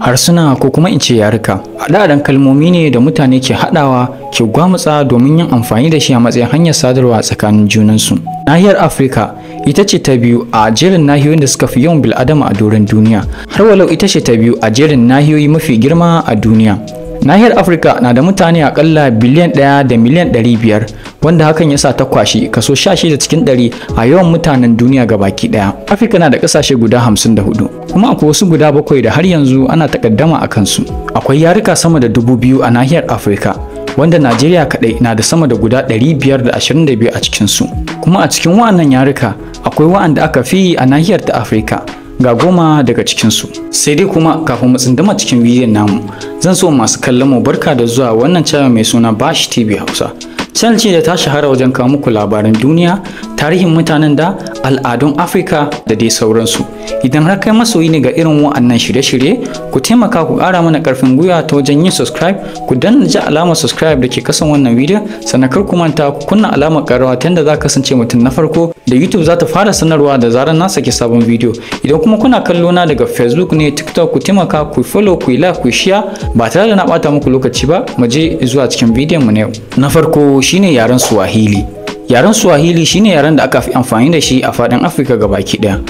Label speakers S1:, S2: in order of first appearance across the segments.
S1: harsuna ko kuma in ce yaruka haɗaɗen kalmomi ne da mutane ke haɗawa ke gwamutsa domin yin amfani da shi a matsayin hanyar sadarwa tsakanin junansu nahiyar afirka ita ce ta biyu a jerin nahiyoyin da suka fi yawan bil'adama a doron duniya har walau ita ce ta biyu a jerin nahiyoyi mafi girma a duniya nahiyar afirka na da mutane akalla biliyan ɗaya da miliyan ɗari biyar wanda hakan ya sa ta kwashe kaso shida cikin ɗari a yawan mutanen duniya ga baki ɗaya afirka na da kasashe guda hamsin da hudu kuma akwai wasu guda bakwai da har yanzu ana takaddama a kansu akwai yarika sama da dubu biyu a nahiyar afirka wanda najeriya kaɗai na da sama da guda biyu a cikinsu kuma a cikin wa'annan yarika akwai wa'anda aka fi a nahiyar ta afirka ga goma daga cikinsu sai dai kuma kafin mu tsindama cikin bidiyon namu zan so masu kallon mu barka da zuwa wannan channel mai suna bash tv hausa channel ce da ta shahara wajen kawo muku labaran duniya tarihin mutanen da al'adun afirka da dai sauransu idan har kai masoyi ne ga irin wa'annan shirye-shirye ku taimaka ku ƙara mana ƙarfin gwiwa ta wajen yin subscribe ku danna ji alamar subscribe da ke kasan wannan bidiyon sannan kar ku manta ku kunna alamar karawa ta yadda za ka kasance mutum na farko da youtube za ta fara sanarwa da zarar na sake sabon bidiyo idan kuma kuna kallo na daga facebook ne tiktok ku taimaka ku follow ku like ku share ba tare da na bata muku lokaci ba mu je zuwa cikin bidiyon mu na na farko shine yaren swahili yaren swahili shine yaren da aka fi amfani da shi a fadin afirka gabaki ɗaya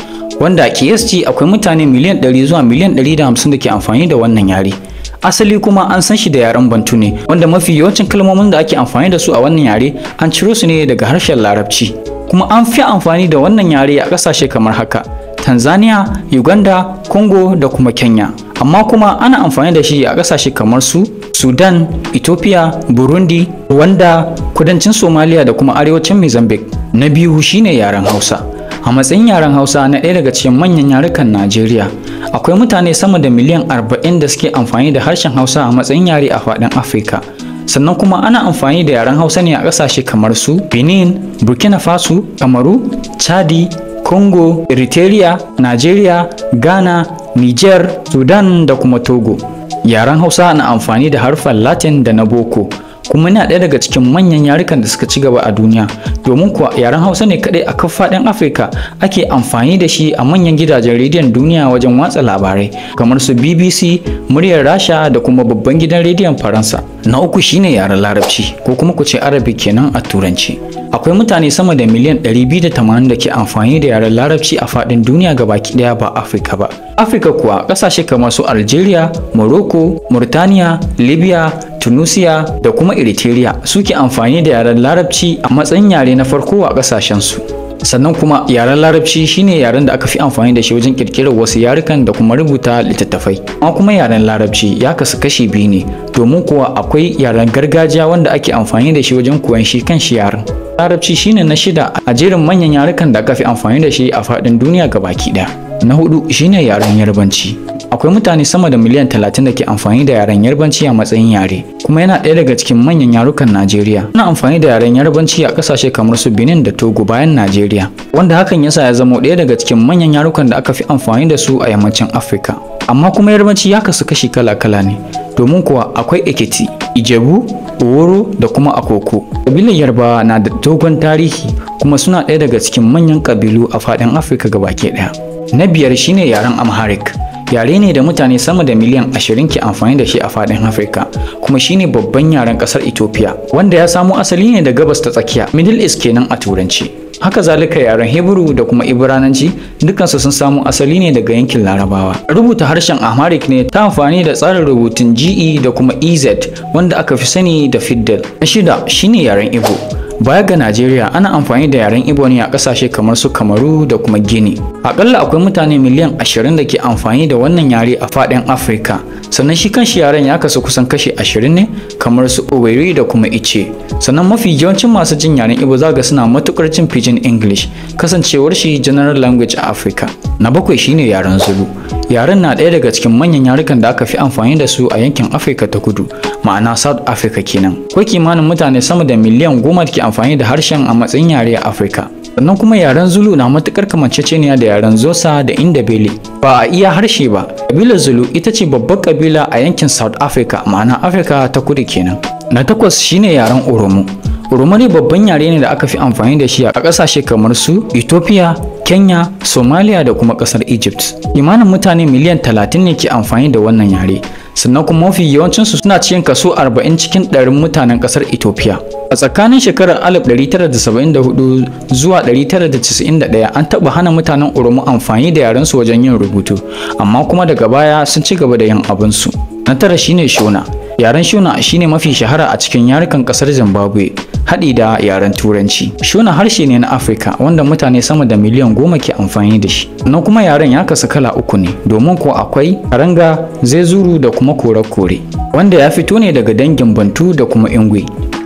S1: wanda KSG akwai mutane miliyan 100 zuwa miliyan 150 da ke amfani da wannan yare asali kuma an san shi da yaren bantu ne wanda mafi yawancin kalmomin da ake amfani da su a wannan yare an ciro su ne daga harshen larabci kuma an fi amfani da wannan yare a ƙasashe kamar haka tanzania uganda congo da kuma kenya amma kuma ana amfani da shi a ƙasashe kamar su sudan ethiopia burundi rwanda kudancin somalia da kuma arewacin mozambique na biyu shine yaren hausa a matsayin yaren hausa na ɗaya daga cikin manyan yarukan najeriya akwai mutane sama da miliyan 40 da suke amfani da harshen hausa a matsayin yare a faɗin afirka sannan kuma ana amfani da yaren hausa ne a ƙasashe kamar su benin burkina faso kamaru chadi congo eritrea Najeriya, ghana niger sudan da kuma togo yaren hausa na amfani da harfan latin da na boko kuma yana ɗaya daga cikin manyan yarukan da suka ci gaba a duniya domin kuwa yaren hausa ne kaɗai a kan faɗin afirka ake amfani da shi a manyan gidajen rediyon duniya wajen watsa labarai kamar su bbc muryar rasha da kuma babban gidan rediyon faransa na uku shine yaren larabci ko kuma ku ce arabi kenan a turanci akwai mutane sama da miliyan ɗari 280 da ke amfani da yaren larabci a faɗin duniya baki ɗaya ba afirka ba afirka kuwa ƙasashe kamar su algeria morocco murtaniya libya Tunisia da kuma Eritrea suke amfani da yaren Larabci a matsayin yare na farko a ƙasashensu. Sannan kuma yaren Larabci shine yaren da aka fi amfani da shi wajen ƙirƙirar wasu yarukan da kuma rubuta littattafai. Amma kuma yaren Larabci ya kasu kashi biyu ne, domin kuwa akwai yaren gargajiya wanda ake amfani da shi wajen koyon shi kan shi yaren. Larabci shine na shida a jerin manyan yarukan da aka fi amfani da shi a faɗin duniya gabaki ɗaya. Na hudu shine yaren Yarbanci. akwai mutane sama da miliyan 30 da ke amfani da yaren yarbanci a matsayin yare kuma yana ɗaya daga cikin manyan yarukan Najeriya ana amfani da yaren yarbanci a kasashe kamar su Benin da Togo bayan Najeriya wanda hakan yasa ya zama ɗaya daga cikin manyan yarukan da aka fi amfani da su a yammacin Afirka amma kuma yarbanci ya kasu kashi kala-kala ne domin kuwa akwai Ekiti Ijebu Oworo da kuma Akoko kabilan Yarbawa na da dogon tarihi kuma suna ɗaya daga cikin manyan kabilu a faɗin Afirka gabaki ɗaya na biyar shine yaren Amharic yare ne da mutane sama da miliyan 20 ke amfani da shi a fadin afirka kuma shine babban yaren kasar ethiopia wanda ya samo asali ne da gabas ta tsakiya middle east kenan a turanci haka zalika yaren hebrew da kuma ibrananci dukansu sun samo asali ne daga yankin larabawa rubuta harshen amharic ne ta amfani da tsarin rubutun ge da kuma ez wanda aka fi sani da fiddle na shida shine yaren igbo Baya ga Najeriya ana amfani da yaren ibo ne a kasashe kamar su Kamaru da kuma Gini. Akalla akwai mutane miliyan 20 da ke amfani da wannan yare a faɗin Afirka. Sannan shi kanshi yaren ya kasu kusan kashi 20 ne kamar su Owerri da kuma Ice. Sannan mafi yawancin masu jin yaren ibo zaga suna matukar cin Pidgin English kasancewar shi general language a Afirka. Na bakwai shine yaren Zulu. Yaren na ɗaya daga cikin manyan yarukan da aka fi amfani da su a yankin Afirka ta kudu, ma'ana South Africa kenan. Ko kimanin mutane sama da miliyan goma ke amfani da harshen a matsayin yare a Afirka. Sannan kuma yaren Zulu na matuƙar kamanceceniya da yaren Zosa da bele Ba a iya harshe ba, kabilar Zulu ita ce babbar kabila a yankin South Africa, ma'ana Afirka ta kudu kenan. Na takwas shine yaren Oromo. Urumani babban yare ne da aka fi amfani da shi a ƙasashe kamar su Ethiopia, Kenya, Somalia da kuma ƙasar Egypt. Imanin mutane miliyan 30 ne ke amfani da wannan yare. Sannan kuma mafi yawancinsu suna cikin kaso 40 cikin ɗarin mutanen ƙasar Ethiopia. A tsakanin shekarar 1974 zuwa 1991 an taɓa hana mutanen Oromo amfani da yaren su wajen yin rubutu, amma kuma daga baya sun ci gaba da yin abinsu. Na tara shine Shona. Yaren Shona shine mafi shahara a cikin yarukan ƙasar Zimbabwe. haɗi da yaren turanci shuna harshe ne na afirka wanda mutane sama da miliyan goma ke amfani da shi na kuma yaren ya kasu kala uku ne domin ko akwai karanga zezuru da kuma kore-kore wanda ya fito ne daga dangin bantu da kuma ingwe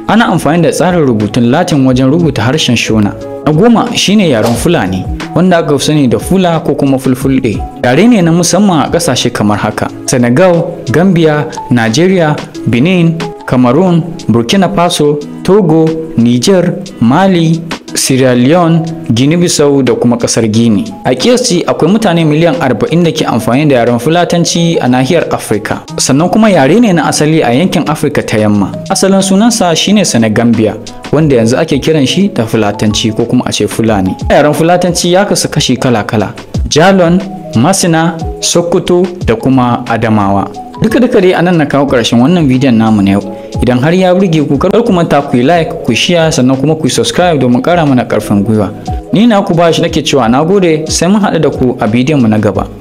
S1: ana amfani da tsarin rubutun latin wajen rubuta harshen shona na goma shine yaren fulani wanda aka fi sani da fula ko kuma fulfulde yare ne na musamman a ƙasashe kamar haka senegal gambia nigeria benin cameroon burkina faso Togo, Niger, Mali, Sierra Leone, Guinea-Bissau da kuma kasar gini A kiyasci akwai mutane miliyan 40 da ke amfani da yaren Fulatanci a nahiyar Afirka. Sannan kuma yare ne na asali a yankin Afirka ta Yamma. Asalin sunansa shine gambia wanda yanzu ake kiran shi da Fulatanci ko kuma a ce Fulani. Yaren Fulatanci ya kasu kashi kala-kala. Jalon, Masina, Sokoto da kuma Adamawa. duka duka dai anan na kawo karshen wannan bidiyon namu na yau idan har ya burge ku kar ku manta ku like ku share sannan kuma ku subscribe domin kara mana karfin gwiwa ni na ku bashi nake cewa nagode sai mun haɗu da ku a bidiyon mu na gaba